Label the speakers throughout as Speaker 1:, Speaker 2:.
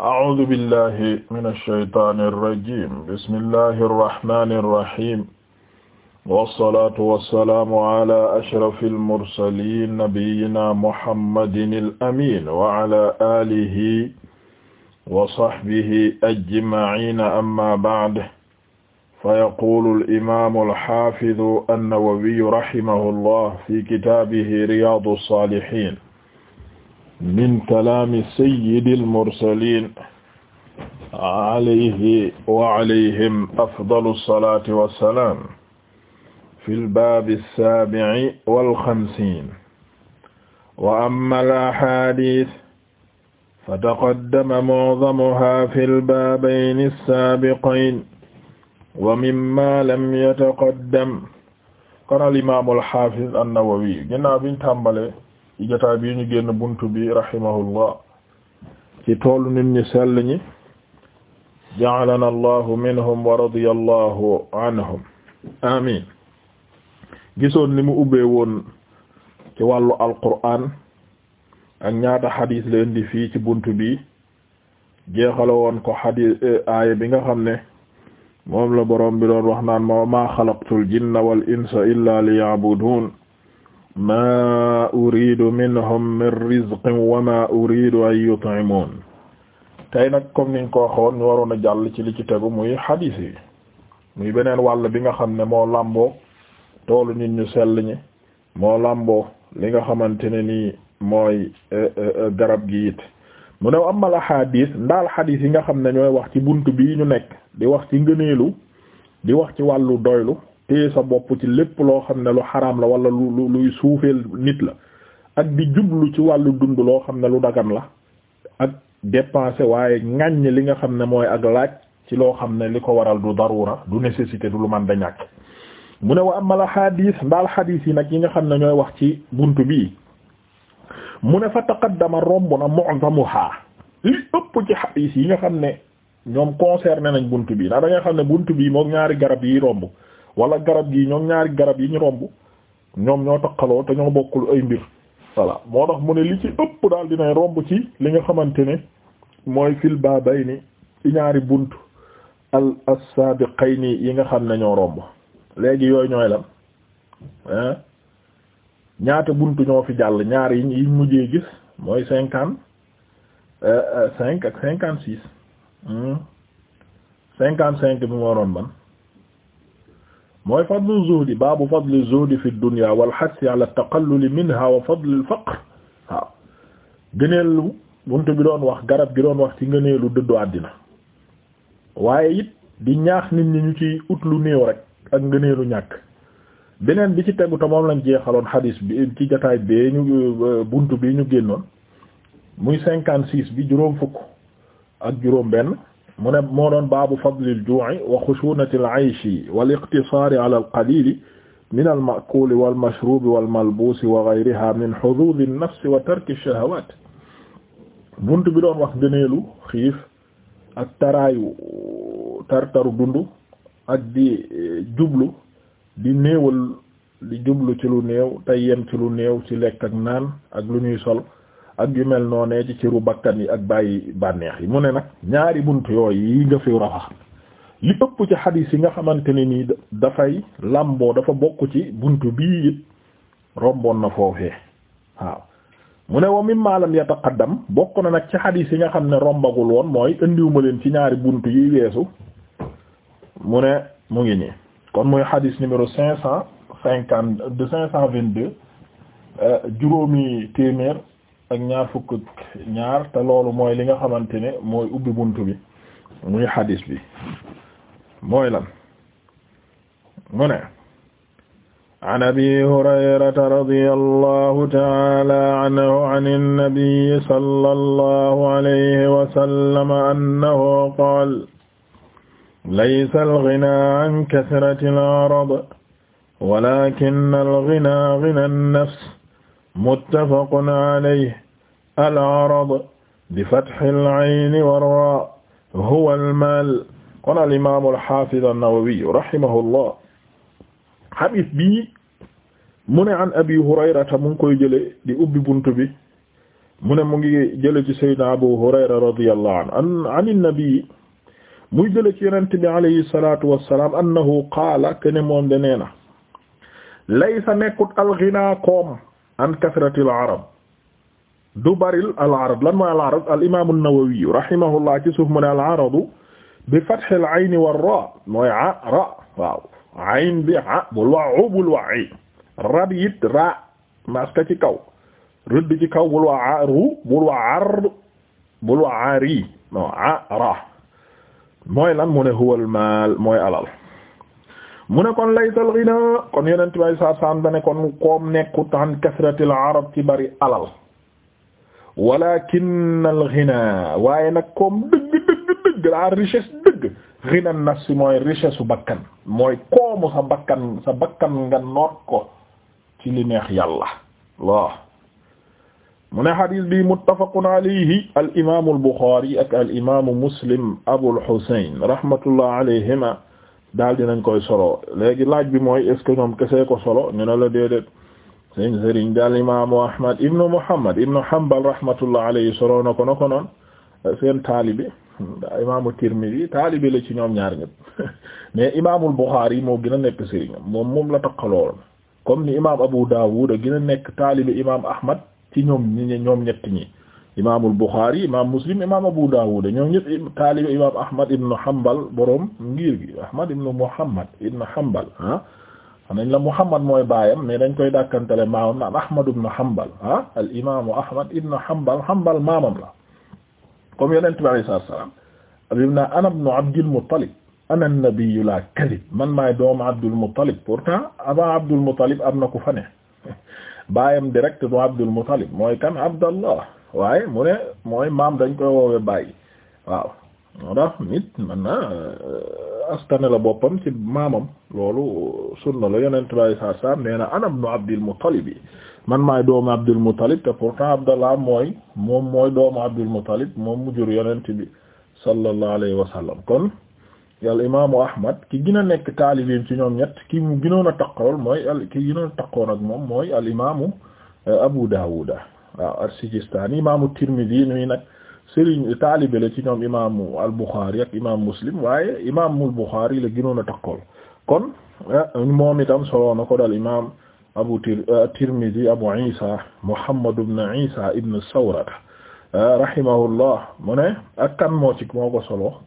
Speaker 1: أعوذ بالله من الشيطان الرجيم بسم الله الرحمن الرحيم والصلاة والسلام على أشرف المرسلين نبينا محمد الأمين وعلى آله وصحبه أجمعين أما بعد فيقول الإمام الحافظ النووي رحمه الله في كتابه رياض الصالحين min kalaami sayyidil mursaliin alayhi wa alayhim afdalu salaati wa salaam fil baabi saabi'i wal xamsiin wa ammal ahaadiis fataqaddama mu'zamuhaa fil baabayni saabiqayn wa mimmaa lam yataqaddam qaala al imaamul haafiz an-Nawawi ginnaaw biñ tàmbalee ci jotaay ñu génn buntu bi rahimahullah ci toolu nit ñi sell ñi ja'alana allahu minhum wa radiyallahu anhum amin gisoon ni mu ubbee woon ci wàllu alqur'aan ak ñaata xadis la indi fii ci buntu bi jeexala woon ko xadis aaya bi nga xam ne moom la boroom bi doon wax naan ma maa xalaqtul jinna wal insa illa liya'budun ma uridu minhum min rizqin wa ma uridu an yut'imun tey nag comme niñ ko waxoon ñu waroon a jàll ci li ci tegu muy xadiis yi muy beneen wàll bi nga xam ne moo làmboo toolu nit ñu sell ñi moo làmboo li nga xamante ne nii mooy eh, eh, eh, garab gi it mu new amal ahadis ndaal xadiis yi nga xam ne ñooy wax ci bunt bi ñu nekk di wax ci ngëneelu di wax ci wàllu doylu téye sa bopp ci lépp loo xam ne lu xaraam la wala lu luy suufeel nit la ak di jublu ci wàllu dund loo xam ne lu dagan la ak dépenser waaye ŋàññ li nga xam ne mooy ak laaj ci loo xam ne li ko waral du darura du nécessité du lu man da ñàkk mu ne wa amal xadiis ndaal xadiis yi nag yi nga xam ne ñooy wax ci bunt bi mu ne fa taqaddama romb na mu'zamuha li ëpp ci xadiis yi nga xam ne ñoom concerné nañ bunt bii ndax da nga xam ne bunt bii moom ñaari garab yi romb wala garab gi ñoom ñaari garab yi ñu romb ñoom ñoo taqaloo te ñoo bokkul ay mbir voilà moo tax mu ne li ci ëpp daal dinay romb ci li nga xamante ne mooy fil babayni ni ñaari bunt al as-sabiqayni yi nga xam ne ñoo romb léegi yooyu ñooy lan hein ñaata bunt ñoo fi jàll ñaar yi yi mujjee gis mooy cinquante euh, euh, cinq ak cinquante six hmm? cinquante cinq bi moo doon ban mooy fadlu zuhdi baabu fadli zuhdi fi dunya wal hassi ala taqalluli minha wa fadli al faqr waaw gëneelu bi doon wax garab gi doon wax ci ngëneelu dëddu àddina waaye it di ñaax nit ñi ñu ci ut lu néew rek ak ngëneelu ñàkk beneen bi ci tegu moom lañ jeexaloon xadiis bi ci jataay bee ñu buntu bi ñu génnoon muy cinquante six bi juróom fukk ak juróom benn mu ne moo doon baabu fadli al-juu'i wa xushuunati al-'ayshi wal iqtisaari ala al-qaliili min al-ma'kuuli wal mashruubi wal malbuusi wa ghayrihaa min huzuuzi an-nafsi wa tarki ash-shahawaat bunt bi doon wax gëneelu xiif ak taraayu tartaru dund ak di e, jublu di néewal di jublu ci lu néew tey yem ci lu néew ci lekk ak naan ak lu ñuy sol ak yu mel noonee ci ciru bakkan yi ak bàyyi bànneex yi mu ne nag ñaari bunt yooyu yi nga fi rafax li ëpp ci xadiis yi nga xamante ni nii dafay làmboo dafa bokk ci bunt bii it romboon na foofee waaw mu ne wa mimma lam yataqaddam bokk na nag ci xadiis yi nga xam ne rombagul woon mooy indiwuma leen ci ñaari bunt yi weesu mu ne mu ngi nii kon mooy xadiis numéro cinq cent cinquante deux cinq cent vingt-deux euh, juróomi téeméer ak ñaar fukk ñaar te loolu mooy li nga xamante ne mooy ubbi bunt bi muy xadis bi mooy lan mu ne an abi hurayrata radiyallahu ta'ala anhu an an-nabiy sallallahu alayhi wa sallam annahu qaala laysa al-ghinaa an kasrati al-'arad walakinna al-ghinaa ghinaa an-nafs muttafaqun alayhi al-'arad bi fathi al-'ayn wa ra huwa al-mal kon al-imam al-hafiz an-Nawawi rahimahullah hadith bi mu ne an abi hurayrata mu ngi koy jële di ubbi buntu bi mu ne mu ngi jële ci sayyidina abu hurayra radiyallahu anhu an an-nabi muy jële ci yonent bi alayhi salatu wassalam annahu qaala kene moom de nee na laysa nekkut al-ghina koom an kasratil arab du baril al-arad lan mooy al-arad al-imaam al-aradu bi fathi al-ayn wa ra mooy bi a bul rab it ra maska ci kaw rëdd ci kaw bul waa aru bul waa lan mu ne huwa al-maal mooy alal mu ne kon laysa al kon yeneen tubaab yi saa kon koom nekkut an kasratil arab alal. walakin al ghina waaye nag comme dëgg dëgg dëgg la richesse dëgg ghina nafsi mooy richesse su bakkan mooy koomu sa bakkan sa bakkan nga noot ko ci li neex yàlla waaw mu ne xadis bi muttafaqun alayhi al imaamu al buxaari ak al imaamu muslim abul husayn rahmatullah alayhima daal dinañ koy solo léegi laaj bi mooy est ce que ñoom kese ko solo ñu ne la déedéet. seen sëriñ bi al imaamu ahmad ibnu muhammad ibnu hanbal rahmatullah alayhi solo na ko na ko noon seen taalibi imaamu tirmidi taalibi la ci ñoom ñaar ñëpp mais imaamul buxaari moo gën a nekk sëriñam moom moom la takkaloon comme ni imaam abu daawud a gën a nekk taalibi imaam ahmad ci ñoom ñi ñoom ñett ñi imaamul buxaari imaam muslim imaam abu daawud ñoom ñëpp taalibi imaam ahmad ibnu hanbal boroom ngir gi ahmad ibnu muhammad ibnu hanbal ah. nañ la Muhammad mooy baayam mais dañ koy dàkkantele maamam naan Ahmad ibn Hanbal al imaamu Ahmad ibn Hanbal Hanbal maamam la comme yonent bi alayhi salaatu wa salaam abim naa ana ibnu Abdul Muttalib ana nabiyyu laa kadib man maay doomu Abdul Muttalib pourtant avant Abdul Muttalib na ku fa baayam direct du Abdul Muttalib mooy kan Abdallah waaye mu ne mooy maam dañ koy woowe baay waaw askane la boppam ci maamam loolu sunna la yonent bi saa saa nee na ana ibnu Abdil Muttalib man maay doomu Abdul Muttalib te pourtant Abdallah mooy moom mooy doomu Abdul Muttalib moom mu jur yonent bi sallallahu alayhi wa sallam kon al imaamu Ahmad ki gën a nekk taalibeem ci ñoom ñett ki mu gënoon a taqool mooy al moom mooy al imaamu Abu Daawuda waaw as-Sijistaani imaamu Tirmidi nuy sëriñ taalibe la ci ñoom imaamu al-Bukhari ak imaam Muslim waaye imaamul Bukhari la gënoon a takkool kon eh, moom itam solo na ko dal imaam Abu eh, Tirmidhi Abu Isa Muhammad ibn Isa ibn Sawrata eh, rahimahullah mu ne ak kan moo ci solo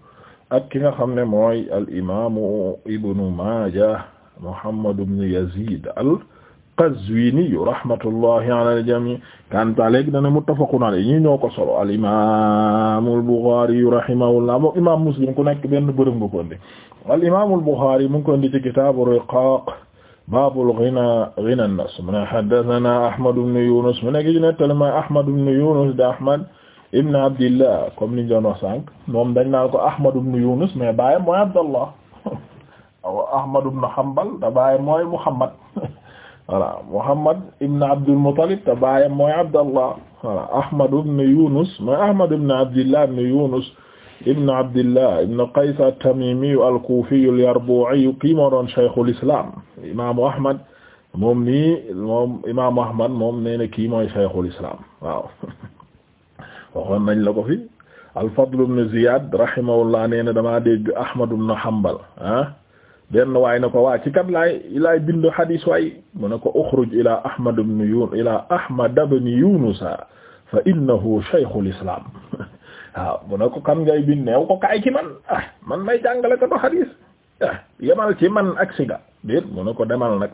Speaker 1: ak ki nga xam ne mooy al imaamu Ibn Majah Muhammad ibn Yazid Qazwini rahmatullahi ala al-jami kanta léegi dana muttafaqun alayhi ñi ñoo ko solo al imam al Bukhari rahimahullah moom imam Muslim ku nekk benn bërëm nga ko indi al imam al Bukhari mu ngi ko indi ci kitaabu riqaaq baabul ghina ghina an-nas mu ne haddathana Ahmad ibn Yunus mu nekk ci nettali ma Ahmad ibn Yunus da Ahmad ibn Abdillah comme ni ñu doon wax sànq moom dañ naan ko Ahmad ibn Yunus mais baayam mooy Abdallah aw Ahmad ibn Hanbal da baayam mooy Muhammad voilà Muhammad ibn Abdul Muttalib te baayam mooy Abdallah voilà Ahmad ibn Yunus mooy Ahmad ibn Abdillah ibn Yunus ibn Abdillah ibn Qays at-Tamimi al-Kufi al-Yarbu'i kii moo doon Shaykhul Islam imaamu Ahmad moom nii moom imaamu Ahmad moom nee na kii mooy Shaykhul Islam waaw waxoon nañ la ko fi al-Fadl ibn Ziyad rahimahullah nee na damaa dégg Ahmad ibn Hanbal ah. benn waay na ko waa ci kat laay laay bindu xadiis waay mu ne ko uxruj ila ahmad ibn yunus ila ahmad ibn yunus fa innahu shaykhul islam waaw mu ne ko kan ngay bind neew ko kaay ci man ah man may jàngale ko xadiis ah, yemal ci man ak siga déet mu ne ko demal nag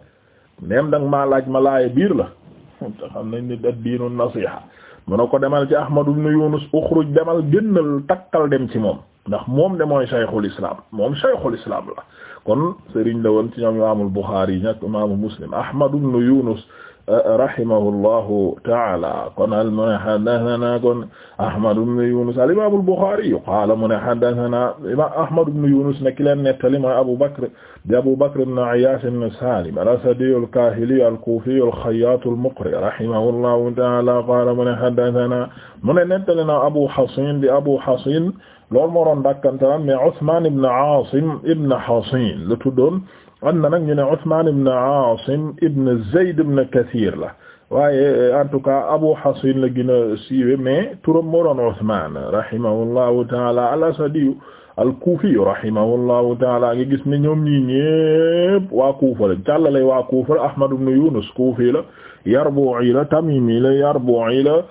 Speaker 1: même danga maa laaj ma laaya biir la te xam nañ ni ad diinu nasiha mu ne ko demal ci ahmad ibn yunus uxruj demal génnal takkal dem ci moom ndax moom de mooy shaykhul islam moom shaykhul islam la kon sëriñ la woon ci ñoom imaamul Bukhari ñak imaamu Muslim Ahmad ibn Yunus eh, rahimahullahu ta'ala kon al mu ne haddathana kon Ahmad ibn Yunus al imaamul Bukhari qaala mu ne haddathana imaam Ahmad ibn Yunus ne ki leen nettali mooy Abu Bakr di Abu Bakr ibn Ayyash ibn Salim al-Asadi al-Kahili al-Kufi al-Khayyat al-Muqri rahimahullahu ta'ala qaala mu ne haddathana mu ne nettali na Abu Hasin di Abu Hasin loolu moo doon dakkantalam mais Ousmane ibn Aasim ibn Hasin la tuddoon am na nag ñu ne Ousmane ibn Aasim ibn Zayd ibn Kathir la waaye euh, en tout cas Abu Hasin la gën a siiwe mais turam moo doon Ousmane rahimahullahu taala al-Asadi al-Kufi rahimahullahu taala nga gis ne ñoom ñii ñépp waa Kufa la jàllale waa Kufa la Ahmad ibn Yunus Kufi la Yarbu'i la Tamimi la Yarbu'i la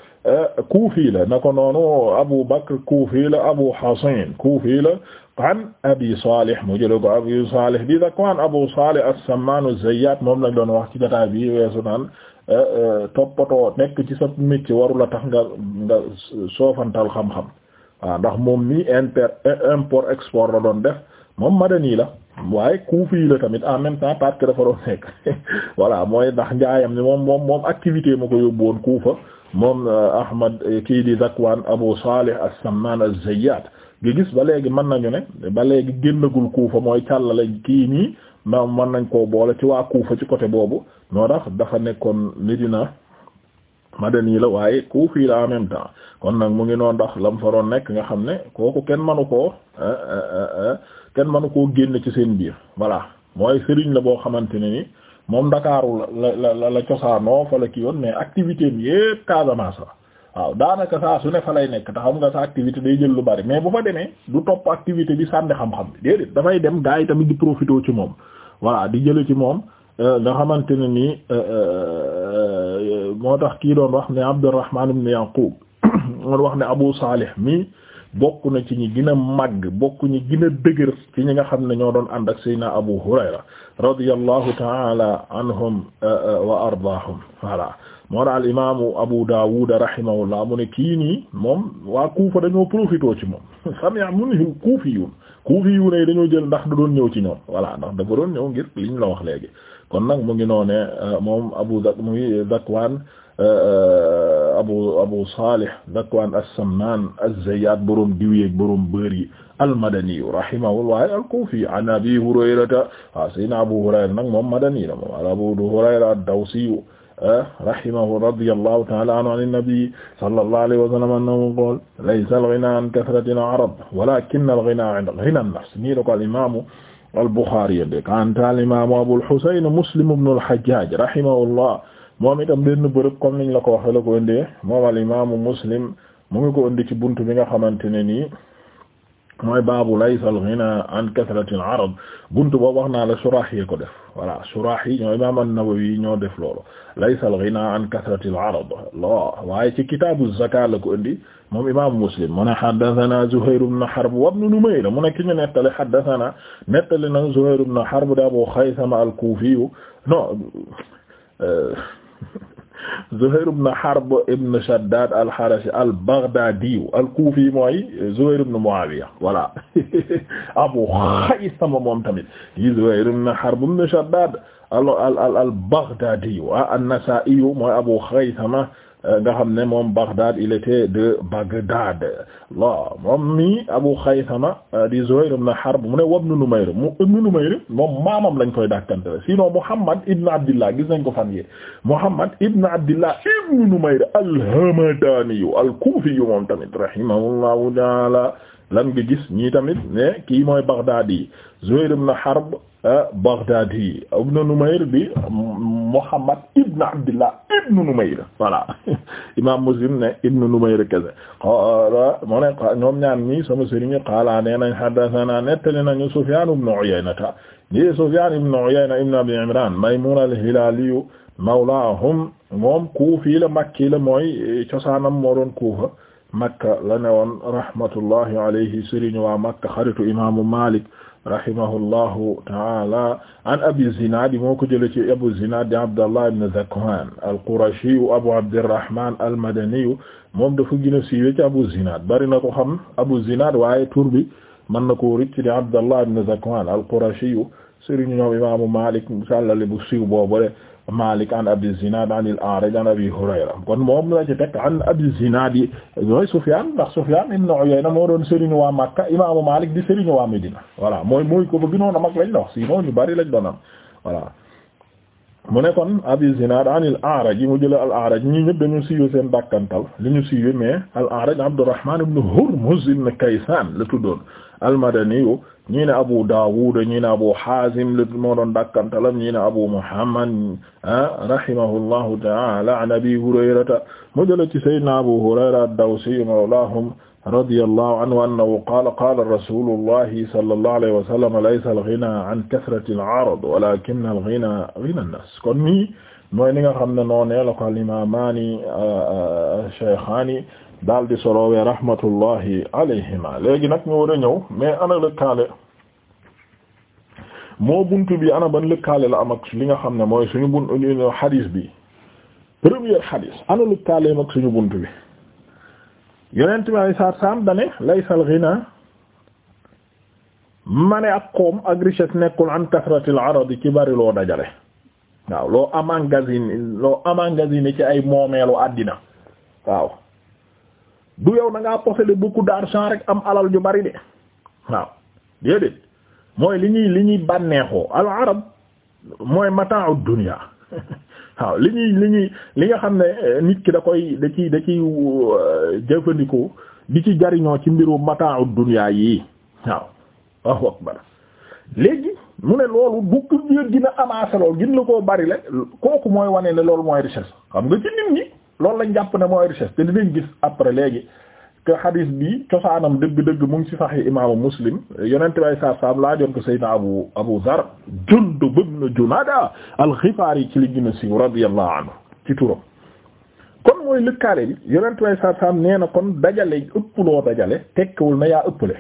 Speaker 1: kuufi la na ko noonu Abu Bakr kuufi la Abu Hasin kuufi la an Abi Salih mu jëlee ko Abi Salih bi Zakwan Abu Salih as-Samman az moom lañ doon wax ci jotaay bi weesu eh, eh, toppatoo nekk ci sa métier warula tax nga nga soofantal xam-xam ndax moom mi inter import export la doon def moom madani la waaye kuufi tamit en même temps parce que dafa nekk voilà mooy ndax njaayam ni moom moom activité ma ko yóbbu Kuufa moom euh, Ahmad euh, kii di Zakwan Abu Salih as-Samman az-Zayyat nga gis ba léegi mën nañu ne ba léegi génnagul Kuufa mooy càllale kii nii ma mën nañ koo boole ci waa Kuufa ci côté boobu noo tax dafa nekkoon Medina madani la waaye Kuufi la en même temps kon nag mu ngi noonu ndax lam fa doon nekk nga xam ne kooku kenn manu ko euh, kenn manu ko génn ci seen biir voilà mooy sëriñ la boo xamante ne ni moom Ndakaaru la la la la cosaanoo fa la kii woon mais activité am yépp Casamance la waaw daanaka saa su ne fa lay nekk te xam nga sa activité day jël lu bari mais bu fa demee du topp activité bi sànni xam-xam bi déedéet dafay dem gaa yi tamit di profité ci moom voilà di jële ci moom euh, nga xamante ne nii euh, euh, moo tax kii doon wax ne Abdurrahman ibn Yaqub moon wax ne Abu Salih mii bokk na ci ñi gën a màgg bokk ñi gën a dëgër ci ñi nga xam ne ñoo doon ànd ak Seydina Abu Hurayra radiyallahu ta'ala anhum uh, uh, wa ardaahum voilà moo daal imaamu Abu Dawud rahimahullah mu ne kii nii moom waa Kuufa dañoo profité ci moom sami'a minhu kuufiyun kuufiyun yi dañoo jël ndax da doon ñëw ci ñoom voilà ndax dafa doon ñëw ngir liñ la wax léegi kon nag mu ngi noone uh, moom Abu Zak muy Zakwaan Euh, euh, abu abu salih Dhakwaan as-Sammaan az-Zayyaat borom diw yeeg borom beurre yi al-Madani rahimahullah al-Kuufi an Abi Hurayrata wa ah, sayyidina Abu Hurayra nag moom madani la moom Abu Hurayra ad-Dawsi ah, rahimahu radiyallahu ta'ala anhu an nabi sallallahu alayhi wa sallam annahu qaala laysa al-ghinaa an kathrati al-'arab walaakinna al-ghinaa 'ghinaa an-nafs nii la ko al-imaam al-Bukhaari de kaana al-imaam Abul Husayn Muslim ibn al-Hajjaaj rahimahullah moom itam benn bërëb comme niñ la ko waxee la ko indee moom al imaamu muslim mu ngi ko indi ci bunt bi nga xamante ne nii mooy baabu laysa al ghina an kasratil arad bunt boobu wax naa la surah yi ko def voilà surah yi ñoo imaam an-Nawawi ñoo def loolu laysa al ghina an kasratil arad la waaye ci kitaabu zakaat la ko indi moom imaamu muslim mu ne haddathana Zuhayr ibn Harb wa ibn Numayr mu ne ki ñu nettali haddathana nettali na Zuhayr ibn Harb da Abu Khaythama al-Kufi non euh, Zuhair ibn Harb ibn Shaddad al-Harashi al-Baghdadi al-Kufi mooy Zuhair ibn Muawiya voilà Abu Khaysama moom tamit yi Zuhair ibn Harb ibn Shaddad al al al al-Baghdadi an-Nasa'i mooy Abu Khaysama nga xam ne moom Baghdad il était de Baghdad la moom mi Abu Khaythama euh, di Zuhayr ibn Harb mu ne wab nu Numayr mu ibn Numayr moom maamam lañ koy dàkkantele sinon Muhammad ibn Abdillah gis nañ ko fan yi Muhammad ibn Abdillah ibn Numayr al-Hamadani al-Kufi moom tamit rahimahullahu taala lan nga gis ñii tamit ne kii mooy Baghdadi Zuhayr ibn Harb Baghdadi ibn Numayr bi Muhammad ibn Abdillah ibn Numayr voilà imam Muslim ne ibn Numayr kese mu ne ñoom ñaan ñi sama sëriñ qaala nee nañ haddathana nettali nañu Sufyan ibn Uyayna ñi Sufyan ibn Uyayna ibn Abi Imran Maymun al-Hilali mawlaahum moom Kufi la Makki la mooy cosaanam moo doon Kufa Makka la newoon rahmatullahi alayhi sëriñ waa Makka xaritu imaamu Malik rahimahullahu ta'ala an abi zinad moo ko jëlee ci abu zinad di abdallah ibn zakwan al-qurashi abu abdirrahman al-madani moom dafa gën a siiwee ci abu zinad bari na ko xam abu zinad waaye tur bi mën na ko rëcc di abdallah ibn zakwan al-qurashi sëriñ ñoom imaamu malik sàllale bu siiw boobule Malik an Abi an al kon moom la ci yi mooy ndax Sufyan ibn Uyayna moo doon sëriñu waa Makka imaamu Malik di sëriñu waa Medina voilà mooy mooy ko ba ginoon a mag lañ la wax sinon ñu bari lañ doon am mu ne kon Abi an al-A'raj yi mu jële al-A'raj ñii ñëpp dañu siiwee seen dàkkantal li ñu siiwee mais al-A'raj Abdurrahman ibn Hurmuz ibn Kaysan la tuddoon al-Madani ñii ne Abu Dawud ñii ne Abu Hazim li moo doon dakkantalam ñii ne Abu Muhammad rahimahullahu ta'ala an Abi Hurayrata mu jële ci Sayyidina Abu Hurayra ad-Dawsi mawlahum radiyallahu anhu annahu qaala qaala rasulullahi sallallahu alayhi wa sallam laysa al-ghina an kathrati al-'arad walakinna al-ghina ghina an-nas kon nii mooy ni nga xam ne noonee la ko al-imaamaani shaykhaani daal di solowee rahmatullahi alayhima léegi nag ñu war a ñëw mais ana lëkkaale moo buntu bi ana ban lëkkaale la am ak li nga xam ne mooy suñu buntu euh, xadis bi premier xadis ana lëkkaaleem ak suñu bunt bi yonent bi ay saar saam dane laysal ghina ma ne ak koom ak richesse nekkul an kasratil aradi ci bari loo dajale waaw loo amangazine loo amangazine ci ay moomeelu àddina waaw du yow na ngaa posséder beaucoup d'argent rek am alal yu bari de waaw déedéet mooy li ñuy li ñuy bànneexoo al arab mooy mata'u dunya waaw li ñuy li ñuy li nga xam ne eh, nit ki da koy da ciy da ciy euh, jëfandikoo di ci jariñoo ci mbiru mata'u dunya yi waaw waaw akbar léegi mu ne loolu bu ku gën a amaase lool gën la koo bari la kooku mooy wane ne loolu mooy richesse xam nga ci nit ñi loolu lañ jàpp na mooy richesse te dinañ gis après léegi que hadith bi cosaanam dëgg-dëgg mu ngi ci sahih imaamu muslim yonent bay saa saam laajoon ko sayyidina abu abu zar Jundub ibn Junaada al-Xifaari ci li gën a siiw radiyallahu anhu ci turam kon mooy lëkkaale bi yonent bay saa saam na kon dajale ëpp loo dajale tekkiwul na yaa ëppale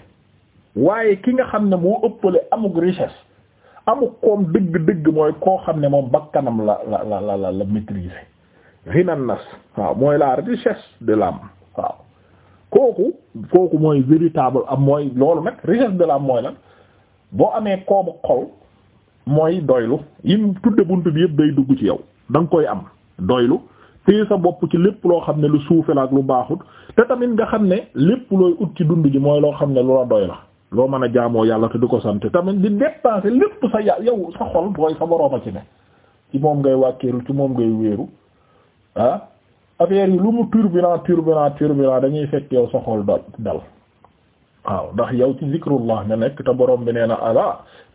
Speaker 1: waaye ki nga xam ne moo ëppale amug richesse amug koom dëgg-dëgg mooy koo xam ne moom bakkanam la la la la la rinan nas waaw mooy la richesse de l'âme waaw kooku kooku mooy véritable am mooy loolu nag richesse de l'âme mooy lan boo amee koobu xol mooy doylu yi tudde bunt bi yëpp day dugg ci yow da nga koy am doylu téye sa bopp ci lépp loo xam ne lu suufe la ak lu baaxut te tamit nga xam ne lépp looy ut ci dund ji mooy loo xam ne lu la doy la loo mën a jaamoo yàlla te du ko sant tamit di dépenser lépp sa yà yow sa xol booy sa borooma ci ne ci moom ngay wàkkeeru ci moom ngay wéeru ah affaire yi lu mu turbulent turbulent turbulent dañuy fekk yow sa xol dal dal waaw ndax yow ci zikrullah nga nekk te borom bi nee na ala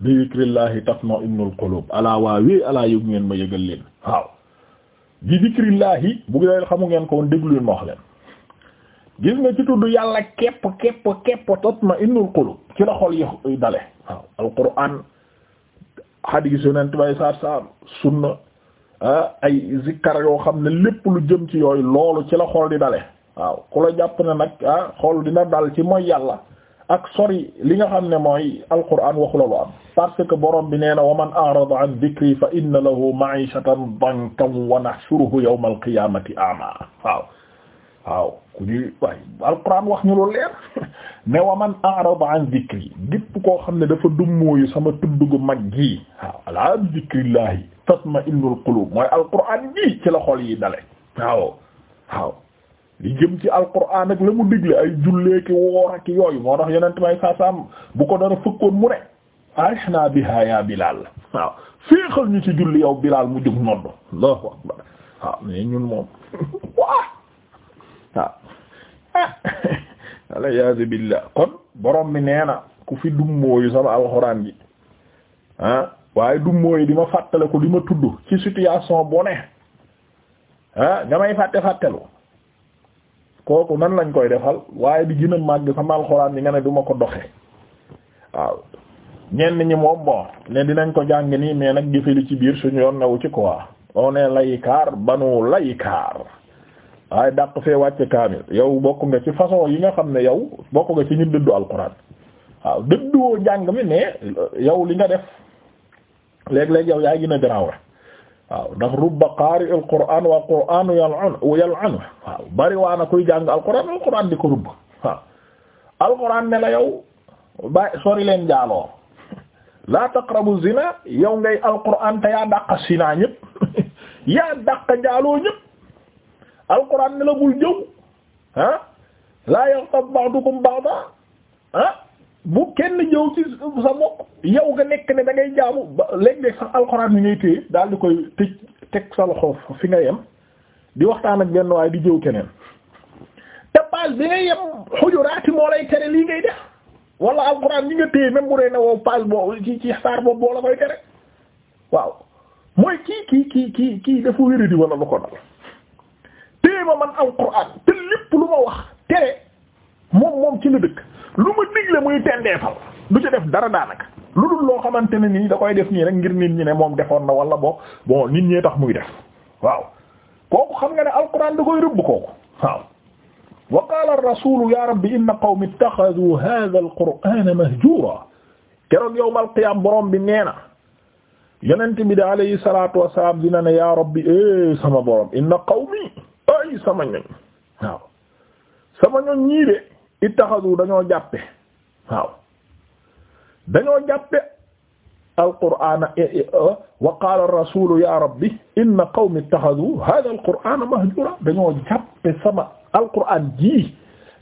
Speaker 1: bi zikrillahi tatma'innul qulub ala waawee ala yëg ngeen ma yëgal leen waaw bi zikrillahi bu ngeen xamu ngeen ko woon déglu leen ma wax leen gis nga ci tudd yàlla képp képp képp tatma'innul qulub ci la xol yi dale waaw alquran hadith yonent bay saar saar sunna Ah, ay zikkar yoo xam ne lépp lu jëm ci yooyu loolu ci la xol di dale waaw ku la jàpp na nag ah, xool xol dina dal ci mooy yàlla ak sori li nga xam ne mooy alquran waxu la lu am parce que borom bi nee na wa man a'rada an dhikri fa inna lahu ma'ishatan dankan wa nahshuruhu yawma alqiyamati a'ma waaw waaw ku ñuy waay alquran wax ñu lu leer ne wa man a'rada an dhikri gépp koo xam ne dafa dummóoyu sama tudd gu mag gi waaw ala dhikrillahi tatma'innul qulub mooy alquran ji ci la xol yi dale waaw waaw li jëm ci alquran ak la mu digle ay julleeki woor ak yooyu moo tax yonent may saasaam bu ko dara fëkkoon mu ne aishna biha ya Bilal waaw féexal ñu ci julli yow Bilal mu jóg nodd allahu akbar waaw mais ñun moom waa waaw ah alayasu borom mi nee na ku fi dummóoyu sama alquran ji ah waaye du mooy di ma ko di ma tudd ci situation bu ne ah nga may fàtte fàttelu kooku nan lañ koy defal waaye di gën màgg sama alxuraan bi nga ne du ko doxe waaw ñenn ñi moom bon ne dinañ ko jàng nii mais nag jëfeli ci biir suñu yoon newu ci quoi on est layikaar banu layikaar waaye dàq fee wàcce kaamil yow bokk nga ci façon yi nga xam ne yow bokk nga ci ñu dëddu alxuraan waaw dëdduwoo jàng mi mais yow li nga def léeg-léeg yow yaa gën a garaaw waaw rubba qaari alquran wa qur'anu yal'an wa bari waa na koy jàng alquran di ko rubb waaw alquran ne la yow ba leen jaaloo la taqrabu zina yow ngay alquran te yaa dàqa sinaa ñëpp yaa dàqa njaaloo ñëpp alquran ne la bul jëw ah la yaghtab ba'dukum ba'dan ah bu kenn ñëw ci sa mbokk yow nga nekk ne da ngay jaamu ba léeg-léeg sax alxuraan yi ngay téye daal di koy tëj teg sa loxo fi nga yem di waxtaan ak benn waaye di jëw keneen te page bi ngay yem xujuraati moo lay tere lii ngay def wala alxuraan yi nga téye même bu dee ne woo page boobu ci ci saar boobu boo la koy tere waaw mooy kii kii kii kii kii dafa wéri di wala lu ko dal téye ma man alxuraan te lépp lu ma wax tere moom moom ci la dëkk. lu ma digle muy tendeefal du ci def dara daanaka lu dul loo xamante ne nii da def nii rek ngir nit ñi ne moom defoon na wala bo bon nit ñee tax muy def waaw kooku xam nga ne alquran da koy rëbb kooku waaw wa qaala ar-rasuulu ya rabbi inna qawmi ittaxaduu haadha al-qur'aana mahjuura keroog yawmal qiyaam borom bi nee na yonent bi da alayhi salaatu wassalaam dina ne ya rabbi e sama borom inna qawmi ay sama ñoñ waaw sama ñoñ ñii de ittaxadu dañoo jàppe waaw dañoo jàppe alqur'ana e, e, e, wa qala ar-rasulu ya rabbi inna qawmi ittaxadu hadha alqur'ana mahjura dañoo jàppe sama alqur'an ji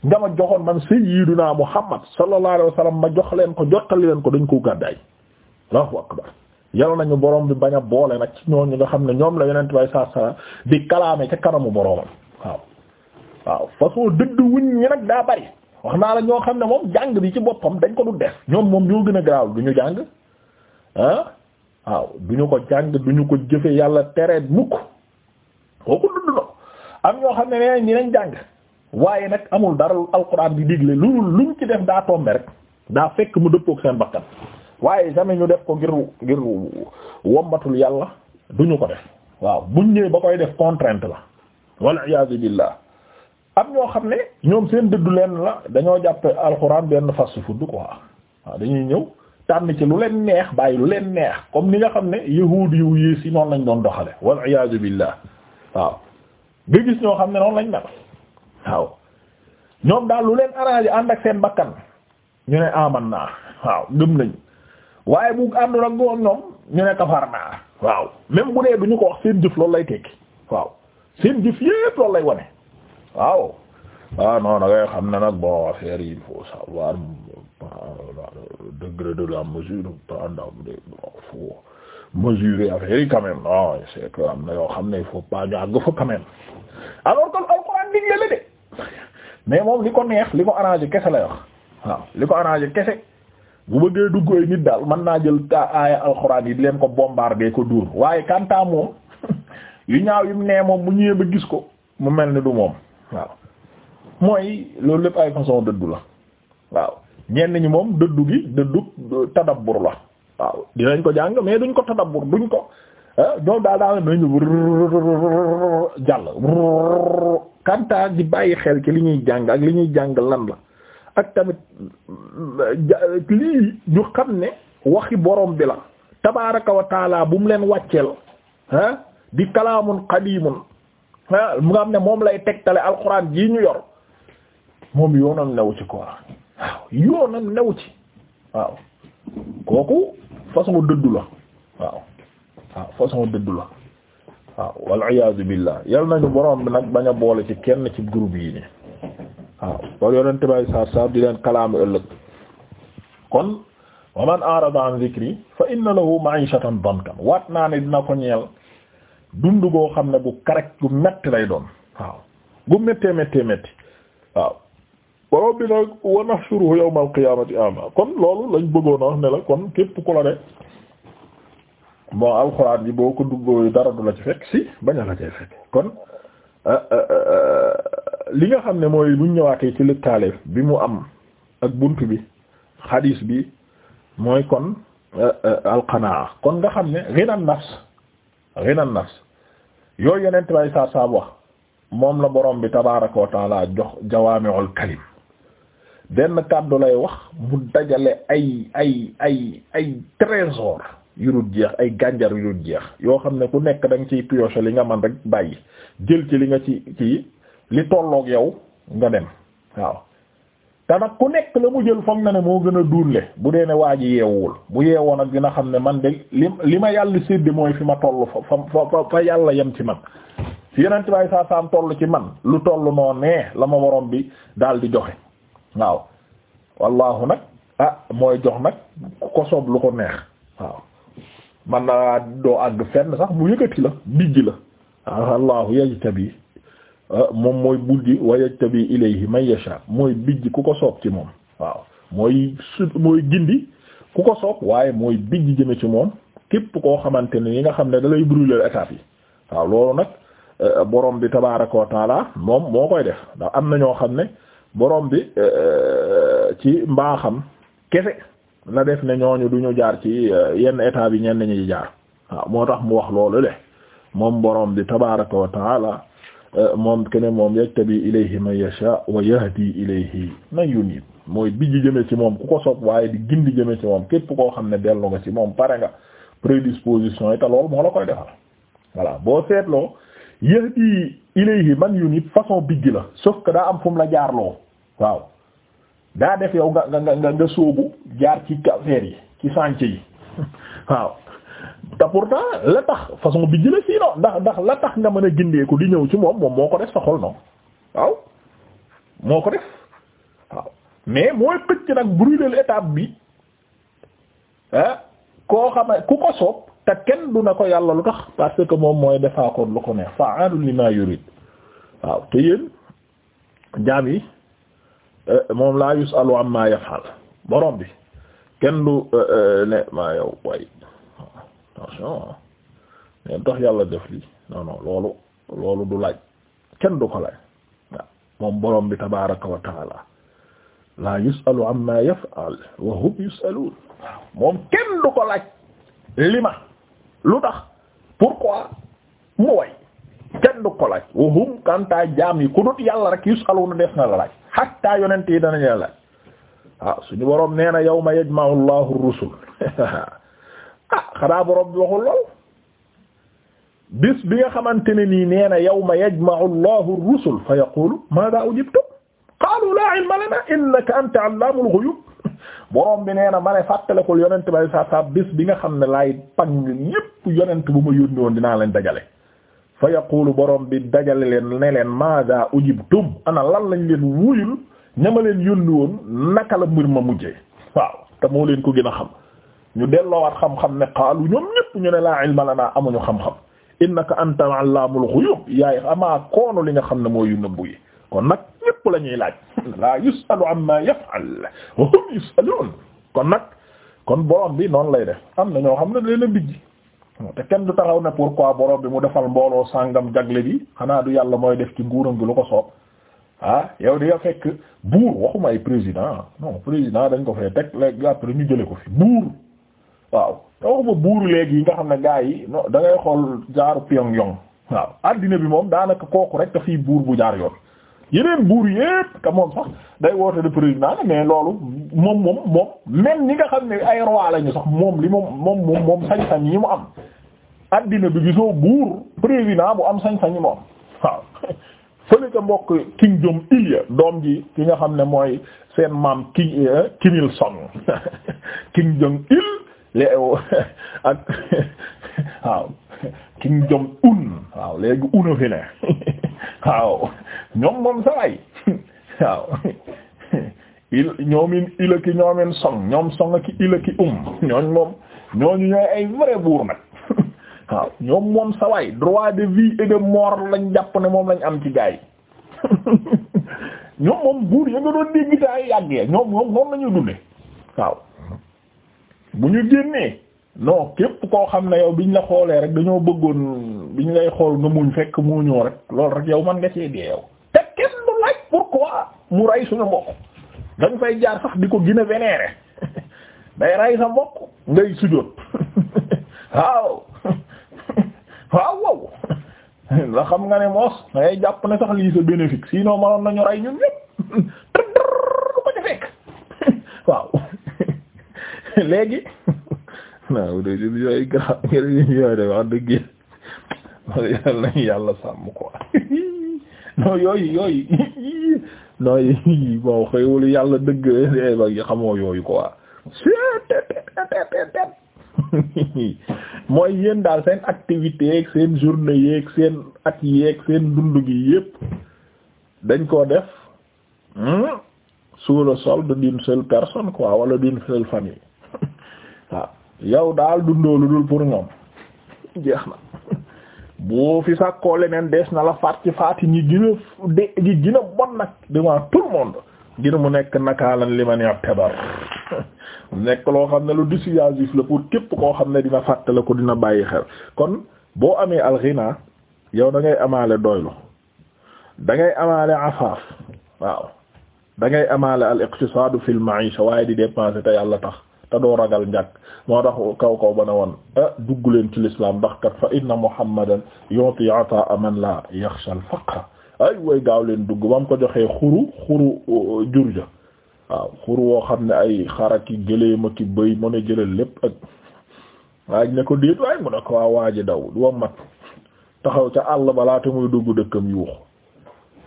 Speaker 1: nga ma joxoon man sayyiduna muhammad sallallahu alayhi wa sallam ma jox leen ko jottali leen ko dañ ko gàddaay allahu akbar yal nañu borom bi bañ boole na ci ñooñu nga xam ne ñoom la yonent bay saa saa di kalaame ca kanamu boromam waaw waaw façon dëdd wuñ nag daa bari wax naa la ñoo xam ne moom jàng bi ci boppam dañ ko du def ñoom moom ñoo gën a garaaw du ñu jàng ah waaw du ñu ko jàng du ñu ko jëfe yàlla tereet mukk koo ko dudd na am ñoo xam ne nee ñi nañ jàng waaye nag amul dara alquran di digle lu ñu ci def daa tombe rek daa fekk mu dëppook seen bakkan waaye jamais ñu def ko ngir ngir wombatul yàlla du ñu ko def waaw buñ ñëwee ba koy def contrainte la wal iyaazu billah am ñoo xam ne ñoom seen dëddu leen la dañoo jàpp alxuraan benn fast food quoi waaw dañuy ñëw tànn ci lu leen neex bàyyi lu leen neex comme ni nga xam ne yahuud yu yées yi noonu lañ doon doxale wal iyaazu billah waaw nga gis ñoo xam ne noonu lañ mel waaw ñoom daal lu leen arrangé ànd ak seen bakkan ñu ne aman naa waaw gëm nañ waaye bu àndul ak ñoom ñu ne kafar naa waaw même bu dee du ñu ko wax seen jëf loolu lay tekki waaw seen jëf yépp loolu lay wone waaw ah non xam ne nag bon affaire yi il faut savoir de la mesure prendre faut mesurer affaire yi quand même non c'est que am na yoo xam ne il faut pas ñu quand même alors que alxuraan digle la de mais moom li ko neex li ko arrangé kese la li ko arrangé kese bu bëggee dugg ay nit daal mën naa jël ta aaya alxuraan yi di ko bombarder ko dóor waaye kantaa moom yu ñaaw nee moom mu ñëwee ba gis ko mu mel ni du moom. waaw mooy loolu lépp ay façon dëddu la waaw ñenn ñi moom dëddu gi dëddu tadabbur la waaw dinañ ko jàng mais duñ ko tadabbur duñ ko ah, ñoom daal daal nañu jàll kantaa di bàyyi xel ci li ñuy jàng ak li ñuy jàng lan la ak tamit lii ñu xam ne waxi borom bi la tabaaraka wa taala bu mu leen wàcceel ah, di kalaamun qadimun mu nga xam ne moom lay tegtale alxuraan jii ñu yor moom yoonam new ci ko waaw yoonam new ci waaw kooku façon dëddu la waaw waaw façon dëddu la waaw wal iyaazu billah yal nañu borom bi nag bañ a boole ci kenn ci group yi nii waaw war yonente bay saab saab di leen kalaamu ëllëg kon wa man arada an zikri fa inna lahu ma'ishatan dankan waat naa ne dina ko ñeel dund goo xam ne bu karaj bu metti lay doon waaw bu méttee méttee métti waaw borom bi nag wa nahshuruhu yawmal qiyaamati a'maa lañ bëggoon a alxuraan bi boo ko duggoo dara du la ci fekk si bañ la cay fekk kon euh, euh, euh, li nga xam ne mooy buñ ñëwaatee ci lëkkaaleef bi mu am ak bunt bi xadiis bi mooy kon alqanaa kon nga xam ne ghina nafs ghinan nafs yooyu yenent bay saar saab wax moom la borom bi tabaaraka wa jox jawaami'ul kalim benn kàddu lay wax mu dajale ay ay ay ay trésor yu dul jeex ay gànjar yu dul jeex yoo xam ne ku nekk da nga ciy piocher li nga man rek bàyyi jël ci li nga ci kii li tolloog yow nga dem waaw te nag ku nekk la mu jël foog na ne moo gën a duunle bu dee ne waa ji yeewul bu yeewoon ak dina xam ne man de li li ma yàlla séddi mooy fi ma toll fa fa fa yàlla yem ci man fi yeneen tubaab saa saam toll ci man lu toll noo nee la ma borom bi daal di joxe waaw wallaahu nag ah mooy jox nag ko soob lu ko neex waaw man naa doo àgg fenn sax mu yëkkati la dijj la wallaahu yajtabi Ah, moom mooy bujj wa yajtabi ilayhi man yasha mooy bijj ku ko soob ci moom waaw mooy su mooy gindi ku ko soob waaye mooy bijj jëme ci moom képp koo xamante ne yi nga xam ne dalay brûler étape yi waaw loolu nag eh, borom bi tabaaraka wa moom moo koy def ndax am na ñoo xam ne boroom bi eh, eh, ci mbaaxam kese la def ne ñooñu duñu jaar ci yenn état bi ñenn ñi jaar waaw moo tax mu wax loolu le moom borom bi tabaaraka wa taala moom kene moom yajtabi ilayhi man yasha wa yahdi ilayhi man yunib mooy bijj jëme ci moom ku ko sopp waaye di gindi jëme ci moom képp koo xam ne dellu nga ci moom pare nga prédisposition yi te loolu moo la koy defal voilà boo seetloo yahdi ilayhi man yunib façon bijj la sauf que daa am fu mu la jaarloo waaw daa def yow nga nga nga nga sóobu jaar ci affaire yi ci chantier yi waaw pourtant la tax façon bi jële fii no ndax ndax la tax nga mën a gindeeku di ñëw ci moom moom moo ko def sa xol noonu waaw moo ko def waaw mais mooy bi ah koo ko soob te kenn du na ko yàlla lu tax parce que moom mooy defaa ko lu ko neex fa'alu lima yurid waaw te yéen jaam yi euh, moom laa yusalu amma yaf'al borom bi kenn du euh, euh, ne maa yow way attention tax yàlla def lii non loolu loolu du laaj kenn du ko laaj moom borom bi tabaraka wa taala la yusalu amma wa hum yusalun moom kenn du ko laaj li lu tax pourquoi mu way kenn du ko laaj wa hum kanta jaam yi ku dut yàlla rek yusaluna def na la laaj hatta yonent yi danañ la laaj waaw ah, suñu borom nee na yawma yajma'u allahu ah xanaa borom bi waxul lool bis bi nga xamante ne nii nee na yawma yajma'u Allahu ar-rusul fa yaqulu maadha ujibtum qaalu laa ilma lanaa innaka anta 'allaamul ghuyuub borom bi nee na ma ne fàttalikul yonent bay saa saa bis bi nga xam ne laay pang ñépp yonent bu ma yónni woon dinaa leen dajale fa yaqulu borom bi dajale leen ne leen maadha ujibtum ana lan lañ leen wuyul ñama leen yónni woon naka la mbir ma mujjee waaw te moo leen ko gën a xam. ñu delloowaat xam-xam ne qaalu ñoom ñëpp ñu ne laa ilma lanaa amuñu xam-xam innaka anta allaamul ghuyub yaay amaa koonu li nga xam ne moo yu nëbb yi kon nag ñëpp la ñuy laaj laa yusalu amma yaf'al wa hum kon nag kon borom bi noonu lay def am na ñoo xam ne leen a te kenn du taxaw ne pourquoi borom bi mu defal mbooloo sàngam jagle bi xanaa du yàlla mooy def ci nguuram gi lu ko soob ah yow di nga fekk buur waxuma ay président non président dañ ko fay teg ñu jële ko waaw te ba buur léegi yi nga xam ne gars yi no da ngay xool jaaru Pyongyang waaw addina bi moom daanaka kooku rek te fii buur bu jaar yoon yeneen buur yépp te moom sax day woote de président la mais loolu moom moom moom même ñi nga xam ne ay roi lañu sax moom li moom moom moom moom sañ-sañ yi mu am addina bi gisoo buur président bu am sañ-sañ yi mu am waaw fële ca mbokk Kim Jong Il ya doom ji ki nga xam ne mooy seen maam eh, Kim Kim Il Sung Jong Il ak waaw Kim Jong Un waaw léegi una fi ne waaw ñoom moom saway waaw il ñoomin ila ki ñoomin song ñoom song ki ila ki um ñooñ moom ñooñu ñooy ay vrai buur nag waaw ñoom moom saway droit de vie et de mort lañ jàpp ne moom lañ am ci gaay ñoom moom buur ya nga doon dégg te yàgg ya ñoom ñoom lañuy dunde waaw bu ñu génnee non képp koo xam ne yow biñ la xoolee rek dañoo bëggoon biñ lay xool nga muñ fekk moo ñoo loolu rek yow man nga see dee yow te kenn du laaj pourquoi mu rey suñu mbokk dañ fay jaar sax di ko gën a vénérer day rey sa mbokk ngay sujjóot waaw waaw wow la xam nga ne moos ngay jàpp ne sax lii sa bénéfice sinon mënoon nañu rey ñun ñëpp te dërr du ko ci fekk waaw léegi waaw de yooyu gra yooyu de wax dëgg yàlla nañu yàlla sàmm quoi non yooyu yooyu nooy bon xëywalu yàlla dëgg eh, ba xamoo yooyu ko quoi mooy yéen daal seen activité yeeg seen journée yeeg seen at yeeg seen dund gi yëpp dañ koo def hmm, sous le solde d'une seule ko quoi wala d'une seule famille waaw yow daal dundoo lu dul pour ñoom jeex na boo fi sàkkoo leneen des na la faat ci faat ñi gën a de ñi gën a bon nag devant tout monde ngir mu nekk nakaalan li ma ne tebar nekk loo xam ne lu dissuasif la pour képp koo xam ne dina fàttale ko dina bàyyi xel kon boo amee alxina yow da ngay amaale doylu da ngay amaale afaaf waaw da ngay amaale al iqtisaadu fil maisha waaye di dépenser te yàlla tax te doo ragal njàkk moo tax kaw kaw ba ne woon ah dugg leen ci l'islam ndax kat fa inna muhammadan yuti ataa man la yaxsha al ay way gaaw leen dugg ba ko joxe xuru xuru uh, jur ja waaw xuru woo xam ne ay xaraki gëleema ki bëy mu ne jëlal lépp ak waaj ne ko déet waay mu ne ko waa waaji daw du mat taxaw ca àll balaate muy dugg dëkkam yuux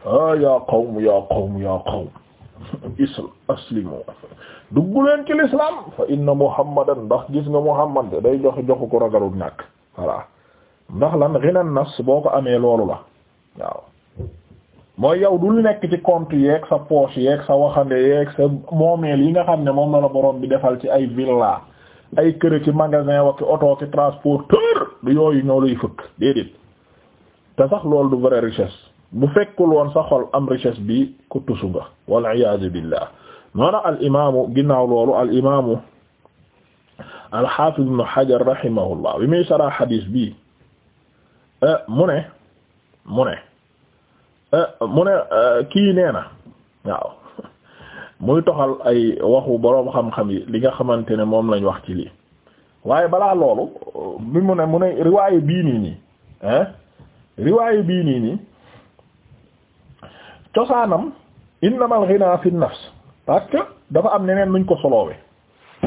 Speaker 1: ah yaa qawm yaa qawm yaa qawm isl aslimu duggu leen ci l'islam fa inna muhammadan ndax gis nga muhammad day jox joxu ko ragalul ñàkk voilà ndax lan rinan nafs boo ko amee loolu la waaw mooy yow dul nekk ci compte yeeg sa poche yeeg sa waxande yeeg sa moomeel yi nga xam ne moom la la borom bi defal ci ay villa ay kër ci magasin wa ki oto ki transporteur du yooyu ñoo lay fëkk déedéet te sax loolu du vraie richesse bu fekkul woon sa xol am richesse bi ku tusu nga wal iyaazu billah noona al imaamu ginnaaw loolu al imaamu al xaafiz ibnu Hajar rahimahullah bi muy saraa xadiis bi eh, mu ne mu ne eh, mu ne eh, kii nee na waaw muy toxal ay waxu boroom xam-xam yi li nga xamante ne moom lañ wax ci lii waaye balaa loolu bi mu ne mu ne riwaaye bii nii nii riwaaye bii nii nii cosaanam innamal ghina fi nafs parce dafa am neneen nuñ ko soloowe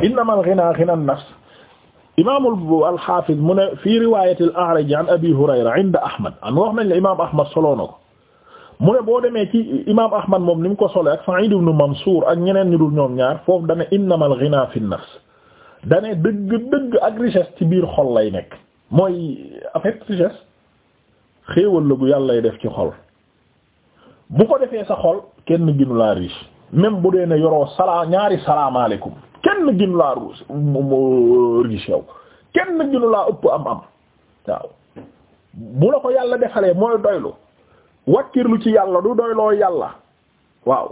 Speaker 1: innamal ghina ghina nafs imaamul al-Hafiz mu ne fii riwaayatil A'raj an Abi Hurayra inda Ahmad am wax nañ la imaam Ahmad soloo na ko mu ne boo demee ci imaam Ahmad moom ni mu ko solo ak Sa'id ibn Mansour ak ñeneen ñu dul ñoom ñaar foofu dane innamal ghina fi nafs dane dëgg dëgg ak richesse ci biir xol lay nekk mooy en fait richesse xéewal gu yàlla lay def ci xol bu ko defee sa xol kenn ginu laa riche même bu dee ne yoroo salaa ñaari salaamaaleykum kenn ginu laa ruus euh, yow kenn ginu laa ëpp am am bu la ko yàlla defalee mooy doylu wakkirlu ci yàlla du doyloo yàlla waaw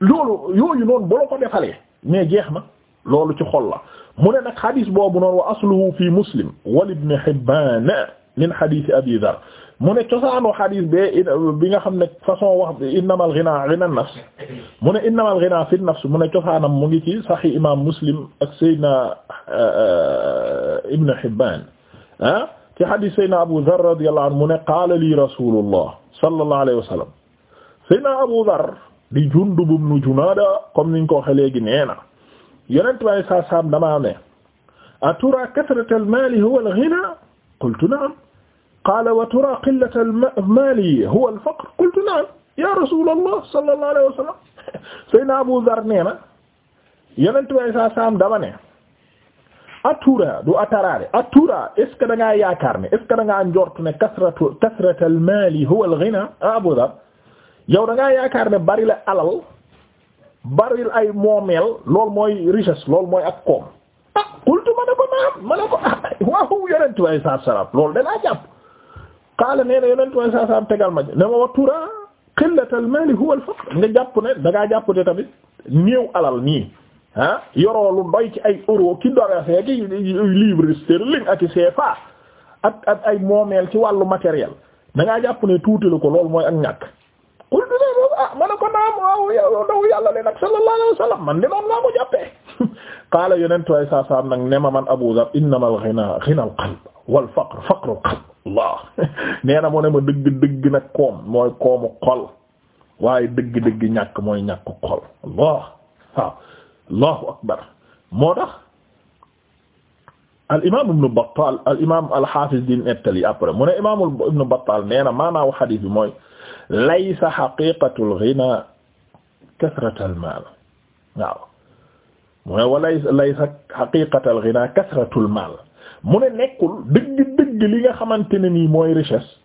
Speaker 1: loolu yooyu noonu bu la ko defalee mais jeex na loolu ci xol la mu ne nag xadiis boobu noonu wa asluhu fi muslim wal ibn hibbaan min xadiisi abi dhar mu ne cosaanu xadiis bee bi nga xam ne façon wax bi innamal ghina ghina nafs mu ne innamal ghina fi nafs mu ne cosaanam mu ngi ci sahih imam muslim ak Seydina Ibn Hibban ah ci xadiis Seydina Abu Dharr radiyallahu anhu mu ne qaala lii rasulullah sallallahu alayhi wa sallam Seydina Abu Dharr di Jundub ibn Junaada comme niñ ko waxee léegi nee na yonent bi alayhi salaam damaa ne atura kasratal maali huwa al-ghina qultu na'am qaala wa turaa qillata al-maali huwa al-faqr qultu na'am yaa rasuulallah Abu Dharr nee na way saa saam atura du ataraade atura est ce que da ngaa yaakaar ne est ce que huwa al ah, Abu Dharr yow da ngaa yaakaar ne bari la alal bari ay moomeel lool mooy richesse lool mooy ak koom ah qultu ma ne ko naam ma ne ko way saa salaam loolu danaa qaala nee na yonent way saa saam tegal ma ne ma wa tura maali huwa al faqr nga jàpp ne da ngaa jàpp ne tamit néew alal nii ah yoroo lu doy ci ay euro ki dorasee ki livre sterling ak i CFA ak ak ay moomeel ci wàllu matériel da ngaa jàpp ne tuuti la ko lool mooy ak ñàkk. qul ne ah ma ne ko naam waaw daw leen ak sallallahu alayhi wa man de noonu laa ko jàppee qaala yonent way nag ne ma man Abu Dharr innamal ghina ghina al qalb wal faqr faqrul qalb Allah nee na mu ne ma dëgg dëgg nag koom mooy koomu xol waaye dëgg dëgg ñàkk mooy ñàkk xol Allah waaw Allahu akbar moo tax al imaam ibnu Battaal al imaam al xaafis di nettali après mu ne imaamul ibnu Battaal nee na maanaawu xadiis bi mooy laysa xaqiiqatul ginaa kasratul maal waaw mu ne wa laysa laysa xaqiiqatul ginaa kasratul maal mu ne nekkul dëgg-dëgg li nga xamante ne nii mooy richesse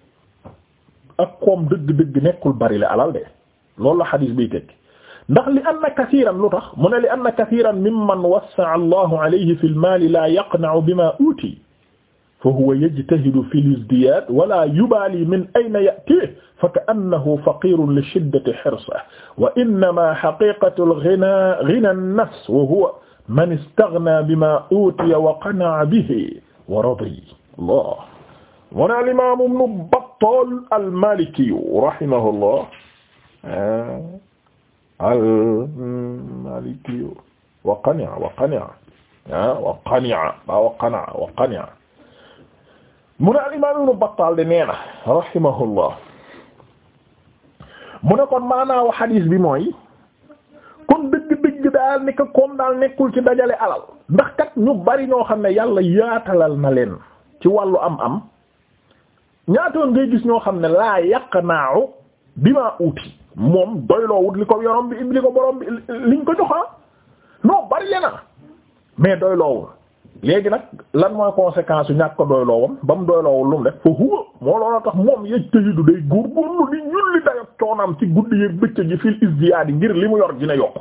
Speaker 1: ak koom dëgg-dëgg nekkul bari la alal de loolu la xadiis biy teg ndax li anna kasiiran lu tax mu ne li anna kasiiran mimman wassa'a Allahu alayhi fil maali laa yaqna'u bimaa uuti fa huwa yajtahidu fil izdiyaad wala yubaali min ayna ya'tiihi fakaannahu faqiirun li shiddati hirsihi wa innamaa haqiiqatul ghinaa ghinaa an-nafs wa huwa man istaghnaa bimaa uutiya wa qana'a bihi wa radiya Allah mu ne al imaam ibnu Battaal al Maaliki rahimahullah ah. al Maaliki wa qani'a wa qani'a ah, wa qani'a wa qani'a wa qani'a mu ne al imaam ibnu Battaal de nee na rahimahullah mu ne kon maanaawu bi mooy kon dëgg-dëgg daal ni ko koom daal nekkul alal. ndax kat ñu bari ñoo xam ne yàlla yaatalal na leen ci wàllu am-am ñaatoon ngay gis ñoo xam ne laa yàq naaw bi maa uuti moom doyloowut li ko yorom bi li ko borom bi liñ ko jox ah non bari na mais doyloowul léegi nag lan mooy conséquence yu ñàkk ko doyloowam ba mu doyloowul lu mu def fa huwa moo loolu tax moom yëj te du day góorgóorlu di ñulli dayot coonam ci guddi yëg bëccëg yi fil isdiyaadi ngir li mu yor dina yokk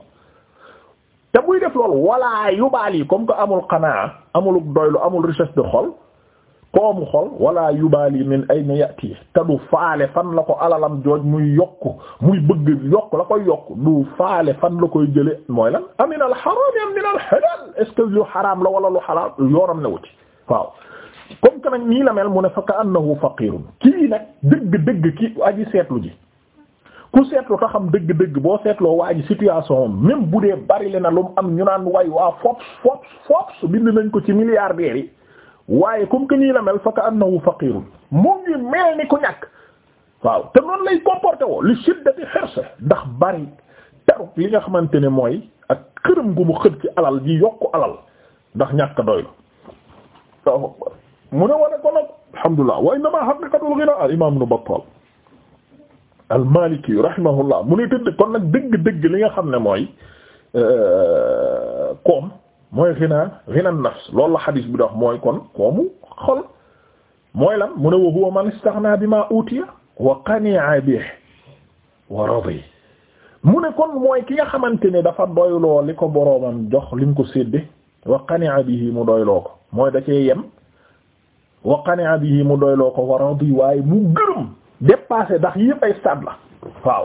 Speaker 1: te muy def loolu wala yubaali comme que amul qanaa amul doylu amul richesse de xool koomu xol wala yubaali min ayna yati te du faale fan la ko alalam jooj muy yokk muy bëgg yokk la koy yokk du faale fan la koy jële mooy lan amin al haram am min al halal est-ce que lu xaraam la wala lu xalaal yoonam ne wuti waaw comme que nag nii la mel mu ne fa ka annahu faqirun kii nag dëgg dëgg ki aji seetlu ji ku seetlu ta dëgg-dëgg boo seetloo waa ji situation bu dee bari le na lu mu am ñu naan way waa fops fops fops bind nañ ko ci milliardaires yi waaye comme que nii la mel fa ka annahu mu ngi mel ni ku ñàkk waaw te noonu lay comporté woo li shiddati hirsa ndax bari terub li nga xamante ne mooy ak xërëm gu mu xët ci alal ji yokk alal ndax ñàkk doy la mu ne wane ko nag alhamdulillah wa innama haqiqatul ghina al imam ibn Battal al-Maliki rahimahullah mu ne tëdd kon nag dëgg-dëgg li nga xam ne mooy euh, kom mooy xinaa xinan nafs lool la xadiis bi dox mooy kon koomu xol mooy lan mu ne wa huwa man istaghna bima utiya wa qani'a bihi wa radiya mu ne kon mooy ki nga xamante ne dafa doyloo li ko boroomam jox lim ko sédde wa qani'a bihi mu doyloo ko mooy da cee yem wa qani'a bihi mu doyloo ko wa radiya waaye mu gërëm dépassé ndax yëpp ay stade la waaw